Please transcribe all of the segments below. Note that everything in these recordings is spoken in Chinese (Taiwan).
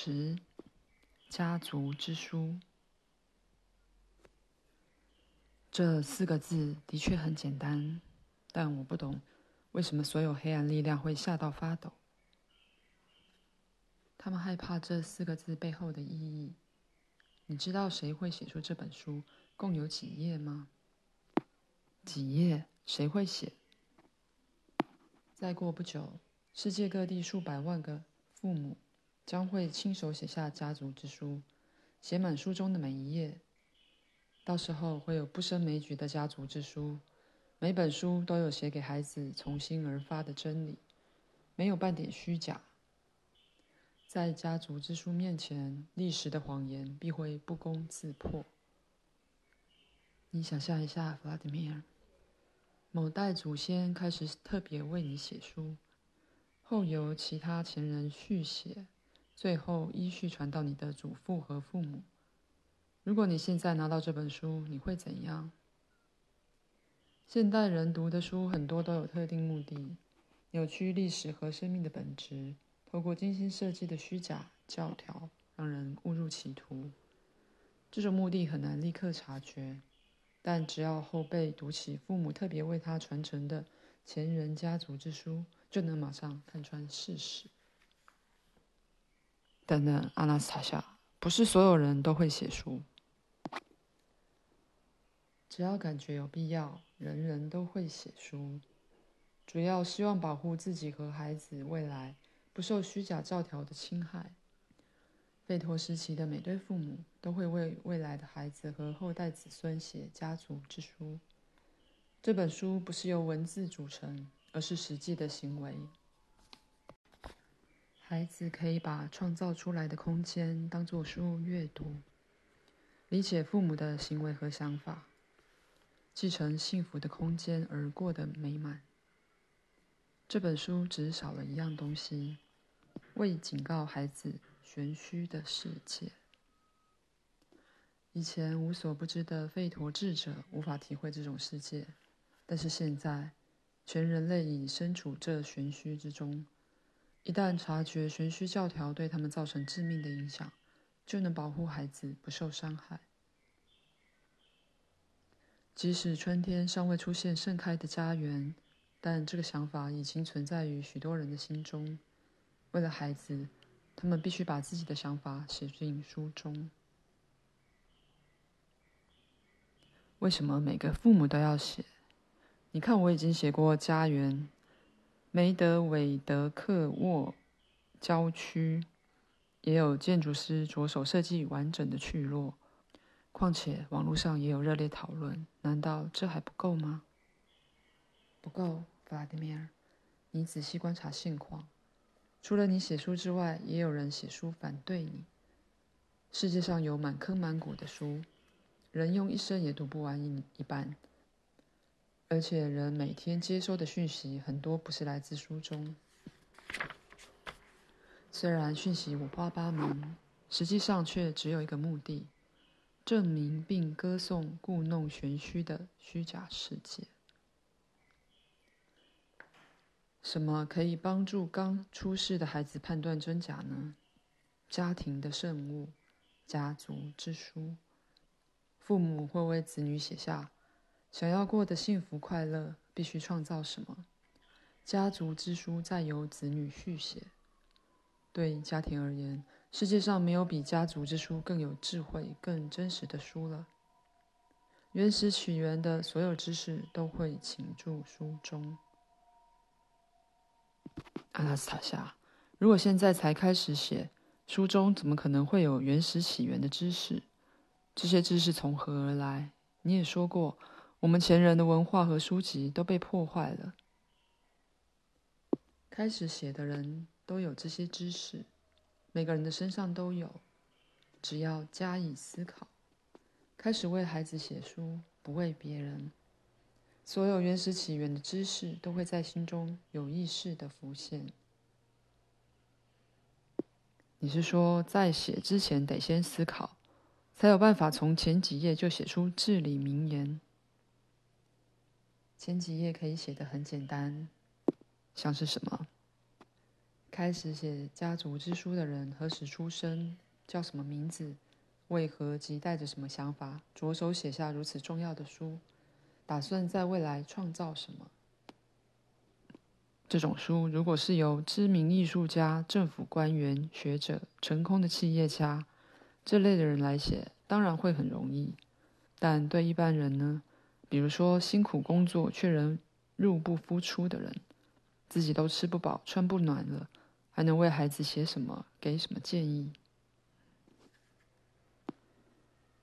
《十家族之書》這四個字的確很簡單，但我不懂為什麼所有黑暗力量會嚇到發抖。他們害怕這四個字背後的意義。你知道誰會寫出這本書？共有幾頁嗎？幾頁？誰會寫？再過不久，世界各地數百萬個父母。將會親手寫下家族之書，寫滿書中的每一頁。到時候會有不勝枚舉的家族之書，每本書都有寫給孩子從心而發的真理，沒有半點虛假。在家族之書面前，歷史的謊言必會不攻自破。你想象一下，弗拉迪米爾，某代祖先開始特別為你寫書，後由其他前人續寫。最後依序傳到你的祖父和父母。如果你現在拿到這本書，你會怎樣？現代人讀的書很多都有特定目的，扭曲歷史和生命的本質，透過精心設計的虛假教條，讓人誤入歧途。這種目的很難立刻察覺，但只要後輩讀起父母特別為他傳承的前人家族之書，就能馬上看穿事實。等等，阿納斯塔夏，不是所有人都會寫書。只要感覺有必要，人人都會寫書。主要希望保護自己和孩子未來不受虛假教條的侵害。吠陀時期的每對父母都會為未來的孩子和後代子孫寫家族之書。這本書不是由文字組成，而是實際的行為。孩子可以把創造出來的空間當作書閱讀，理解父母的行為和想法，繼承幸福的空間而過得美滿。這本書只少了一樣東西：未警告孩子玄虛的世界。以前無所不知的吠陀智者無法體會這種世界，但是現在全人類已身處這玄虛之中。一旦察覺玄虛教條對他們造成致命的影響，就能保護孩子不受傷害。即使春天尚未出現盛開的家園，但這個想法已經存在於許多人的心中。為了孩子，他們必須把自己的想法寫進書中。為什麼每個父母都要寫？你看，我已經寫過家園。梅德韋德克沃郊區也有建築師着手設計完整的去落，況且網絡上也有熱烈討論，難道這還不夠嗎？不夠，弗拉迪米爾，你仔細觀察現況。除了你寫書之外，也有人寫書反對你。世界上有滿坑滿谷的書，人用一生也讀不完一一半。而且，人每天接收的訊息很多，不是來自書中。雖然訊息五花八門，實際上卻只有一個目的：證明並歌頌故弄玄虛的虛假世界。什麼可以幫助剛出世的孩子判斷真假呢？家庭的聖物，家族之書，父母會為子女寫下。想要過得幸福快樂，必須創造什麼？家族之書再由子女續寫。對家庭而言，世界上沒有比家族之書更有智慧、更真實的書了。原始起源的所有知識都會傾注書中。阿納斯塔夏，如果現在才開始寫，書中怎麼可能會有原始起源的知識？這些知識從何而來？你也說過。我們前人的文化和書籍都被破壞了。開始寫的人都有這些知識，每個人的身上都有，只要加以思考，開始為孩子寫書，不為別人。所有原始起源的知識都會在心中有意識地浮現。你是說，在寫之前得先思考，才有辦法從前幾頁就寫出至理名言？前幾頁可以寫得很簡單，像是什麼？開始寫家族之書的人何時出生，叫什麼名字，為何及帶着什麼想法，着手寫下如此重要的書，打算在未來創造什麼？這種書如果是由知名藝術家、政府官員、學者、成功的企業家這類的人來寫，當然會很容易，但對一般人呢？比如說，辛苦工作卻仍入不敷出的人，自己都吃不飽、穿不暖了，還能為孩子寫什麼、給什麼建議？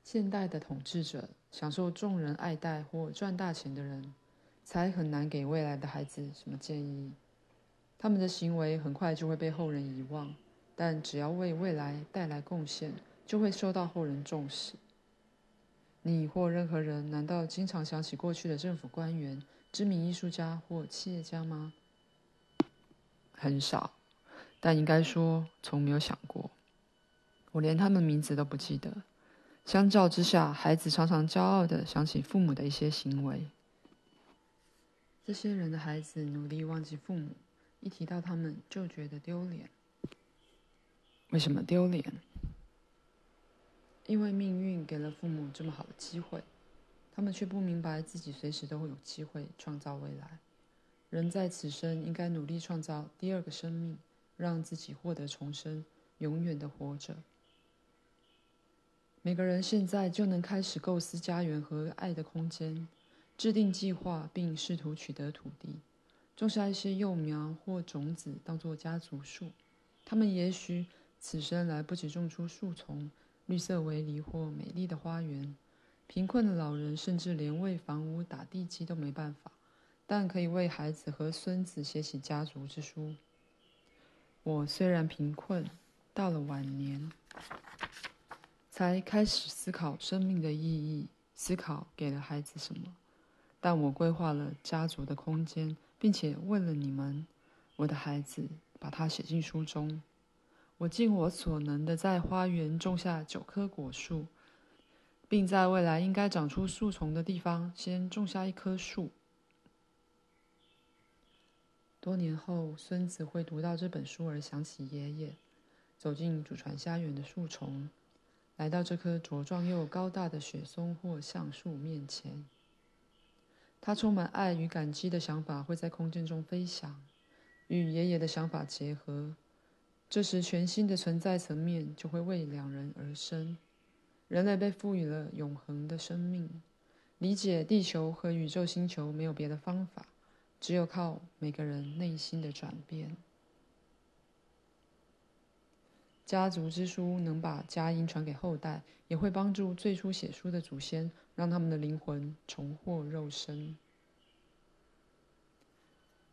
現代的統治者享受眾人愛戴或賺大錢的人，才很難給未來的孩子什麼建議。他們的行為很快就會被後人遺忘，但只要為未來帶來貢獻，就會受到後人重視。你或任何人難道經常想起過去的政府官員、知名藝術家或企業家嗎？很少，但應該說從沒有想過。我連他們名字都不記得。相較之下，孩子常常驕傲地想起父母的一些行為。這些人的孩子努力忘記父母，一提到他們就覺得丟臉。為什麼丟臉？因為命運給了父母這麼好的機會，他們卻不明白自己隨時都會有機會創造未來。人在此生應該努力創造第二個生命，讓自己獲得重生，永遠的活着。每個人現在就能開始構思家園和愛的空間，制定計劃，並試圖取得土地，種下一些幼苗或種子，當做家族樹。他們也許此生來不及種出樹叢。綠色圍籬或美麗的花園，貧困的老人甚至連為房屋打地基都沒辦法，但可以為孩子和孫子寫起家族之書。我雖然貧困，到了晚年，才開始思考生命的意義，思考給了孩子什麼，但我規劃了家族的空間，並且為了你們，我的孩子，把它寫進書中。我盡我所能的在花園種下九棵果樹，並在未來應該長出樹叢的地方先種下一棵樹。多年後，孫子會讀到這本書而想起爺爺，走進祖傳家園的樹叢，來到這棵茁壯又高大的雪松或橡樹面前。他充滿愛與感激的想法會在空間中飛翔，與爺爺的想法結合。這時，全新的存在層面就會為兩人而生。人類被賦予了永恆的生命。理解地球和宇宙星球沒有別的方法，只有靠每個人內心的轉變。家族之書能把佳音傳給後代，也會幫助最初寫書的祖先，讓他們的靈魂重獲肉身。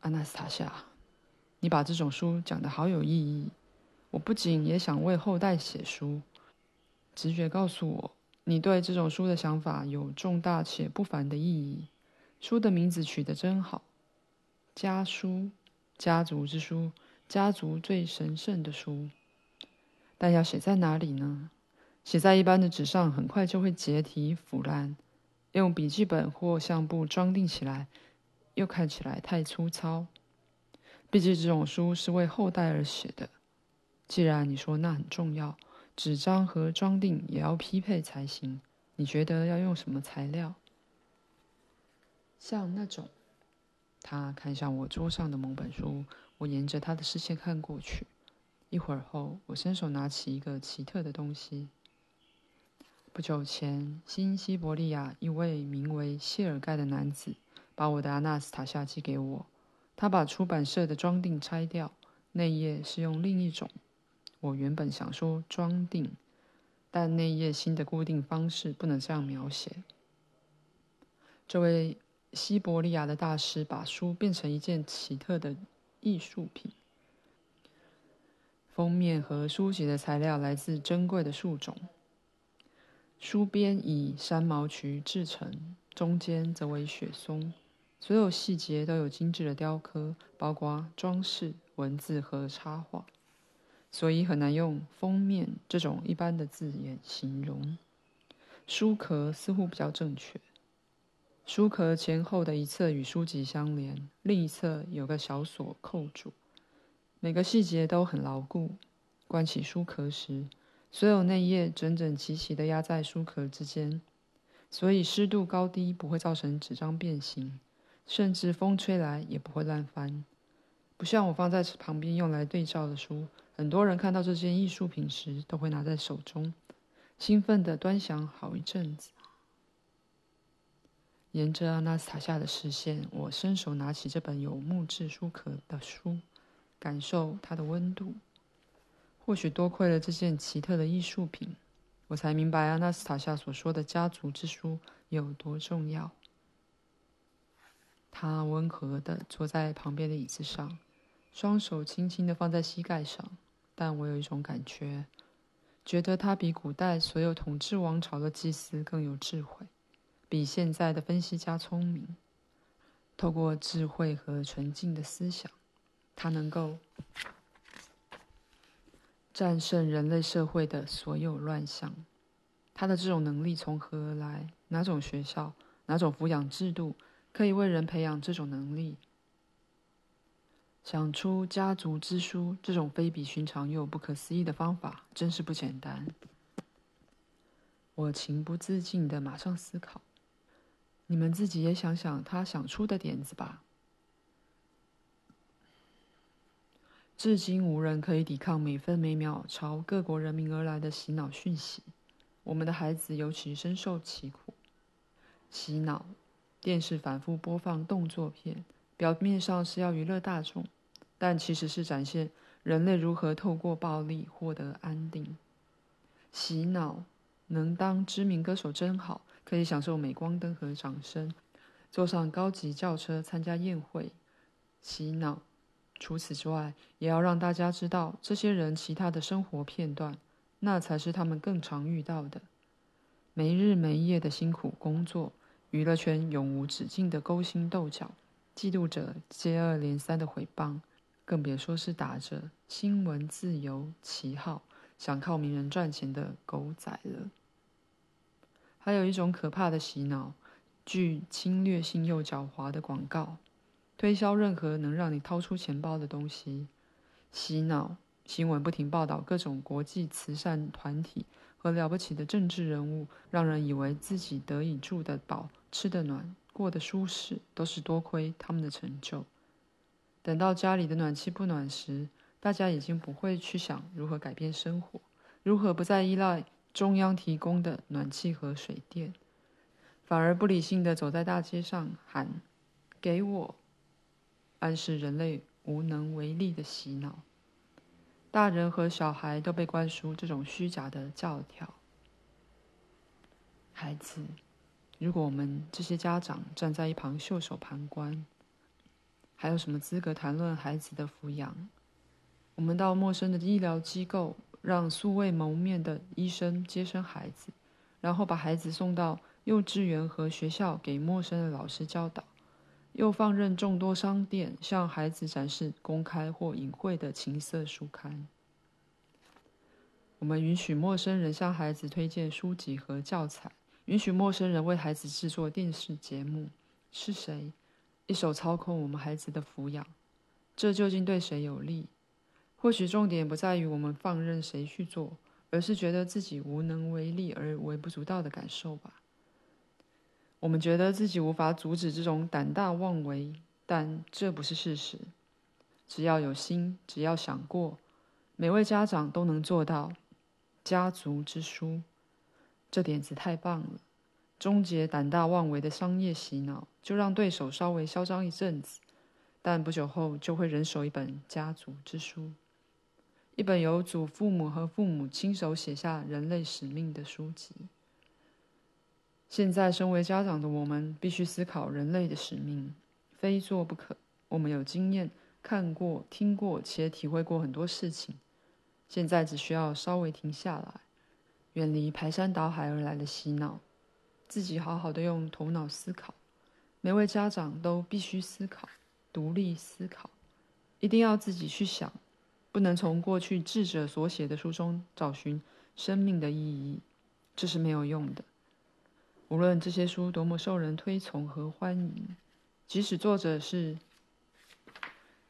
阿納斯塔夏，你把這種書講得好有意義。我不僅也想為後代寫書，直覺告訴我，你對這種書的想法有重大且不凡的意義。書的名字取得真好，《家書》，家族之書，家族最神聖的書。但要寫在哪裡呢？寫在一般的紙上，很快就會解體腐爛；用筆記本或相簿裝訂起來，又看起來太粗糙。畢竟這種書是為後代而寫的。既然你說那很重要，紙張和裝訂也要匹配才行。你覺得要用什麼材料？像那種……他看向我桌上的某本書，我沿着他的視線看過去。一會兒後，我伸手拿起一個奇特的東西。不久前，新西伯利亞一位名為謝爾蓋的男子把我的阿納斯塔夏寄給我，他把出版社的裝訂拆掉，內頁是用另一種。我原本想說裝訂，但那頁新的固定方式不能這樣描寫。這位西伯利亞的大師把書變成一件奇特的藝術品。封面和書籍的材料來自珍貴的樹種，書邊以山毛櫸製成，中間則為雪松。所有細節都有精緻的雕刻，包括裝飾、文字和插畫。所以很難用“封面”這種一般的字眼形容，書殼似乎比較正確。書殼前後的一側與書籍相連，另一側有個小鎖扣住，每個細節都很牢固。關起書殼時，所有內頁整整齊齊的壓在書殼之間，所以濕度高低不會造成紙張變形，甚至風吹來也不會亂翻。不像我放在旁邊用來對照的書。很多人看到這件藝術品時，都會拿在手中，興奮地端詳好一陣子。沿着阿納斯塔夏的視線，我伸手拿起這本有木質書殼的書，感受它的溫度。或許多虧了這件奇特的藝術品，我才明白阿納斯塔夏所說的家族之書有多重要。他溫和地坐在旁邊的椅子上，雙手輕輕地放在膝蓋上。但我有一種感覺，覺得他比古代所有統治王朝的祭司更有智慧，比現在的分析家聰明。透過智慧和純淨的思想，他能夠戰勝人類社會的所有亂象。他的這種能力從何而來？哪種學校、哪種撫養制度可以為人培養這種能力？想出家族之書這種非比尋常又不可思議的方法，真是不簡單。我情不自禁地馬上思考，你們自己也想想他想出的點子吧。至今無人可以抵抗每分每秒朝各國人民而來的洗腦訊息，我們的孩子尤其深受其苦。洗腦，電視反覆播放動作片。表面上是要娛樂大眾，但其實是展現人類如何透過暴力獲得安定。洗腦，能當知名歌手真好，可以享受鎂光燈和掌聲，坐上高級轎車參加宴會。洗腦，除此之外，也要讓大家知道這些人其他的生活片段，那才是他們更常遇到的。沒日沒夜的辛苦工作，娛樂圈永無止境的勾心鬥角。嫉妒者接二連三的毀謗，更別說是打着新聞自由旗號，想靠名人賺錢的狗仔了。還有一種可怕的洗腦，具侵略性又狡猾的廣告，推銷任何能讓你掏出錢包的東西。洗腦，新聞不停報道各種國際慈善團體和了不起的政治人物，讓人以為自己得以住得飽、吃得暖。過得舒適，都是多虧他們的成就。等到家裡的暖氣不暖時，大家已經不會去想如何改變生活，如何不再依賴中央提供的暖氣和水電，反而不理性的走在大街上喊“給我”，暗示人類無能為力的洗腦。大人和小孩都被灌輸這種虛假的教條。孩子。如果我們這些家長站在一旁袖手旁觀，還有什麼資格談論孩子的撫養？我們到陌生的醫療機構，讓素未謀面的醫生接生孩子，然後把孩子送到幼稚園和學校，給陌生的老師教導，又放任眾多商店向孩子展示公開或隱晦的情色書刊。我們允許陌生人向孩子推薦書籍和教材。允許陌生人為孩子制作電視節目，是誰一手操控我們孩子的撫養？這究竟對誰有利？或許重點不在於我們放任誰去做，而是覺得自己無能為力而微不足道的感受吧。我們覺得自己無法阻止這種膽大妄為，但這不是事實。只要有心，只要想過，每位家長都能做到。家族之書。這點子太棒了！終結膽大妄為的商業洗腦，就讓對手稍微囂張一陣子，但不久後就會人手一本家族之書，一本由祖父母和父母親手寫下人類使命的書籍。現在，身為家長的我們，必須思考人類的使命，非做不可。我們有經驗，看過、聽過且體會過很多事情，現在只需要稍微停下來。遠離排山倒海而來的洗腦，自己好好的用頭腦思考。每位家長都必須思考，獨立思考，一定要自己去想，不能從過去智者所寫的書中找尋生命的意義，這是沒有用的。無論這些書多麼受人推崇和歡迎，即使作者是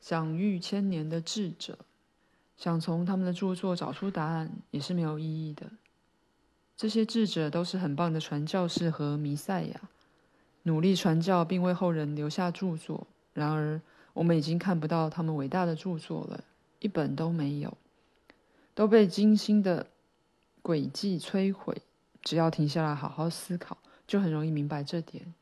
享譽千年的智者，想從他們的著作找出答案也是沒有意義的。這些智者都是很棒的傳教士和彌賽亞，努力傳教並為後人留下著作。然而，我們已經看不到他們偉大的著作了，一本都沒有，都被精心的詭計摧毀。只要停下來好好思考，就很容易明白這點。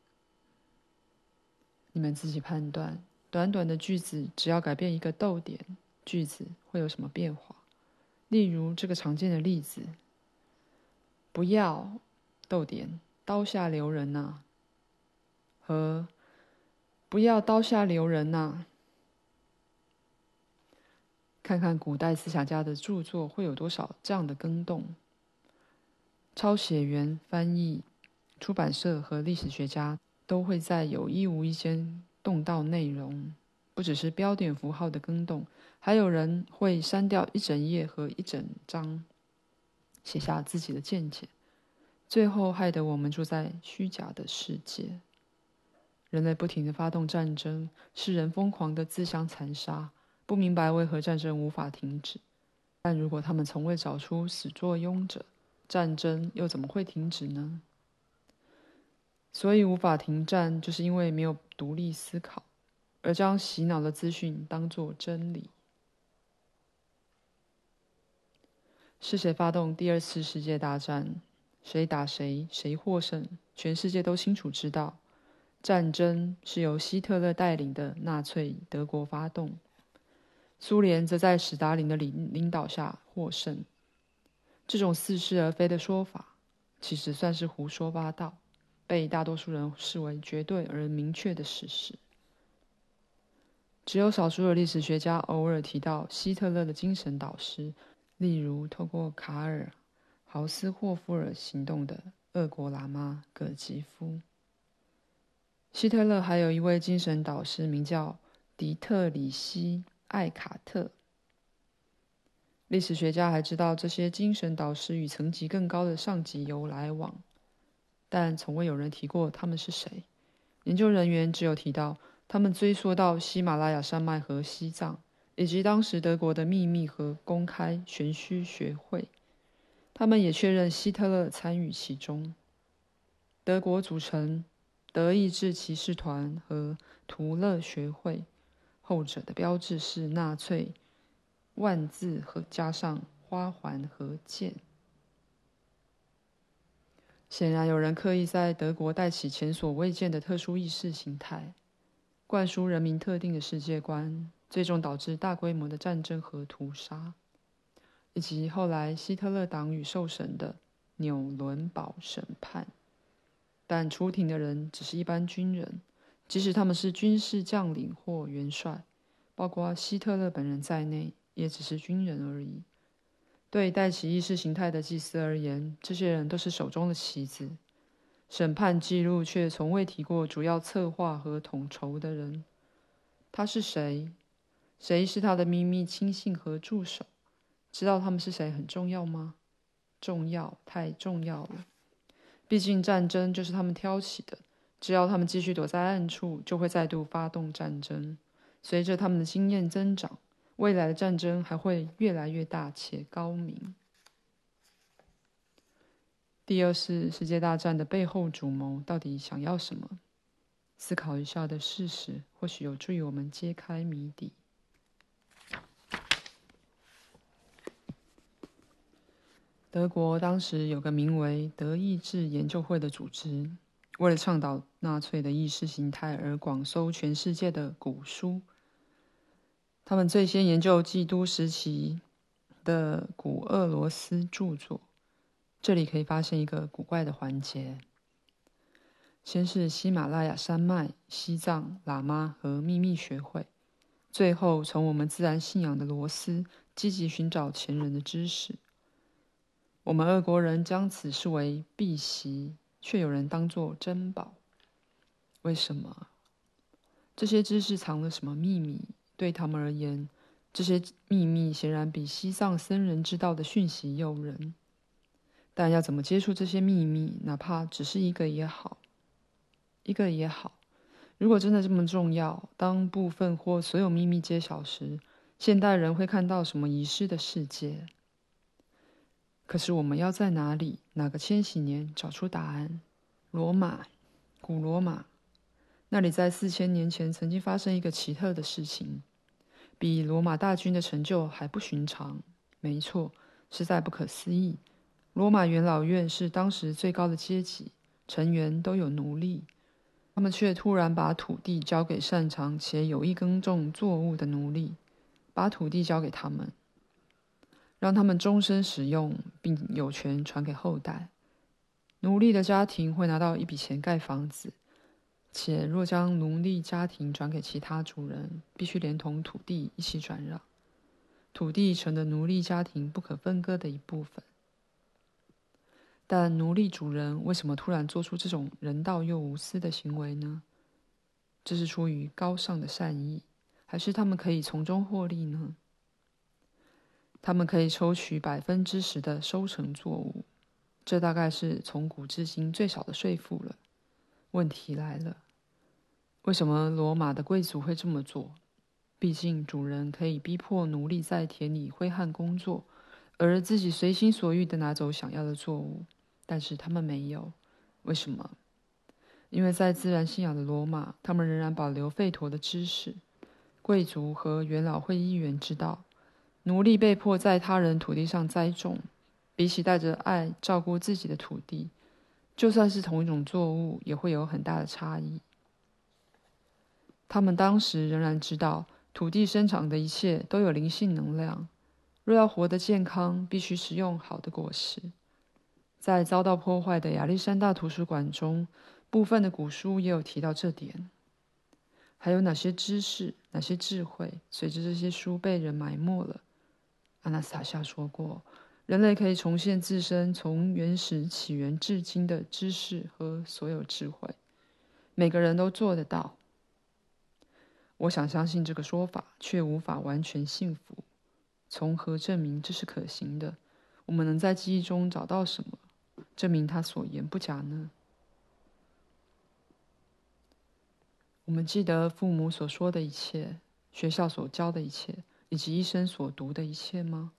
你們自己判斷。短短的句子，只要改變一個逗點，句子會有什麼變化？例如這個常見的例子。不要逗點，刀下留人吶、啊。和不要刀下留人吶、啊。看看古代思想家的著作會有多少這樣的更動。抄寫員、翻譯、出版社和歷史學家都會在有意無意間動到內容，不只是標點符號的更動，還有人會刪掉一整頁和一整章。寫下自己的見解，最後害得我們住在虛假的世界。人類不停的發動戰爭，世人瘋狂的自相殘殺，不明白為何戰爭無法停止。但如果他們從未找出始作俑者，戰爭又怎麼會停止呢？所以無法停戰，就是因為沒有獨立思考，而將洗腦的資訊當作真理。是誰發動第二次世界大戰？誰打誰？誰獲勝？全世界都清楚知道，戰爭是由希特勒帶領的納粹德國發動，蘇聯則在史達林的領領導下獲勝。這種似是而非的說法，其實算是胡說八道，被大多數人視為絕對而明確的事實。只有少數的歷史學家偶爾提到希特勒的精神導師。例如，透過卡爾·豪斯霍夫爾行動的俄國喇嘛葛吉夫，希特勒還有一位精神導師，名叫迪特里希·艾卡特。歷史學家還知道這些精神導師與層級更高的上級有來往，但從未有人提過他們是誰。研究人員只有提到他們追溯到喜馬拉雅山脈和西藏。以及當時德國的秘密和公開玄虛學會，他們也確認希特勒參與其中。德國組成德意志騎士團和圖勒學會，後者的標誌是納粹萬字和加上花環和劍。顯然有人刻意在德國帶起前所未見的特殊意識形態，灌輸人民特定的世界觀。最終導致大規模的戰爭和屠殺，以及後來希特勒黨羽受審的紐倫堡審判。但出庭的人只是一般軍人，即使他們是軍事將領或元帥，包括希特勒本人在內，也只是軍人而已。對帶起意識形態的祭司而言，這些人都是手中的棋子。審判記錄卻從未提過主要策劃和統籌的人，他是誰？誰是他的秘密親信和助手？知道他們是誰很重要嗎？重要，太重要了。畢竟戰爭就是他們挑起的。只要他們繼續躲在暗處，就會再度發動戰爭。隨着他們的經驗增長，未來的戰爭還會越來越大且高明。第二次世界大戰的背後主謀到底想要什麼？思考一下的事實，或許有助於我們揭開謎底。德國當時有個名為“德意志研究會”的組織，為了倡導納粹的意識形態而廣收全世界的古書。他們最先研究基督時期的古俄羅斯著作，這裡可以發現一個古怪的環節：先是喜馬拉雅山脈、西藏、喇嘛和秘密學會，最後從我們自然信仰的羅斯積極尋找前人的知識。我們俄國人將此視為秘籍，卻有人當作珍寶。為什麼？這些知識藏了什麼秘密？對他們而言，這些秘密顯然比西藏僧人知道的訊息誘人。但要怎麼接觸這些秘密？哪怕只是一個也好，一個也好。如果真的這麼重要，當部分或所有秘密揭曉時，現代人會看到什麼遺失的世界？可是我們要在哪裡、哪個千禧年找出答案？羅馬，古羅馬，那裡在四千年前曾經發生一個奇特的事情，比羅馬大軍的成就還不尋常。沒錯，實在不可思議。羅馬元老院是當時最高的階級，成員都有奴隸，他們卻突然把土地交給擅長且有意耕種作物的奴隸，把土地交給他們。讓他們終身使用，並有權傳給後代。奴隸的家庭會拿到一筆錢蓋房子，且若將奴隸家庭轉給其他主人，必須連同土地一起轉讓。土地成了奴隸家庭不可分割的一部分。但奴隸主人為什麼突然做出這種人道又無私的行為呢？這是出於高尚的善意，還是他們可以從中獲利呢？他們可以抽取百分之十的收成作物，這大概是從古至今最少的稅負了。問題來了，為什麼羅馬的貴族會這麼做？畢竟主人可以逼迫奴隸在田裡揮汗工作，而自己隨心所欲的拿走想要的作物，但是他們沒有，為什麼？因為在自然信仰的羅馬，他們仍然保留吠陀的知識，貴族和元老會議員知道。奴隸被迫在他人土地上栽種，比起帶着愛照顧自己的土地，就算是同一種作物，也會有很大的差異。他們當時仍然知道，土地生長的一切都有靈性能量，若要活得健康，必須食用好的果實。在遭到破壞的亞歷山大圖書館中，部分的古書也有提到這點。還有哪些知識，哪些智慧，隨着這些書被人埋沒了？阿納斯塔夏說過：“人類可以重現自身從原始起源至今的知識和所有智慧，每個人都做得到。”我想相信這個說法，卻無法完全信服。從何證明這是可行的？我們能在記憶中找到什麼，證明他所言不假呢？我們記得父母所說的一切，學校所教的一切。以及一生所讀的一切嗎？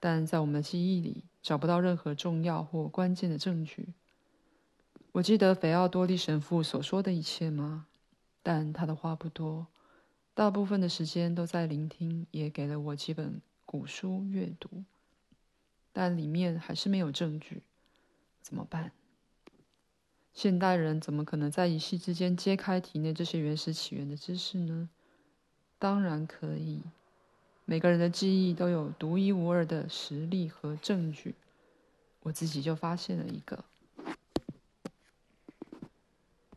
但在我們的記憶裡找不到任何重要或關鍵的證據。我記得菲奧多利神父所說的一切嗎？但他的話不多，大部分的時間都在聆聽，也給了我幾本古書閱讀，但裡面還是沒有證據。怎麼辦？現代人怎麼可能在一夕之間揭開體內這些原始起源的知識呢？當然可以。每個人的記憶都有獨一無二的實力和證據，我自己就發現了一個。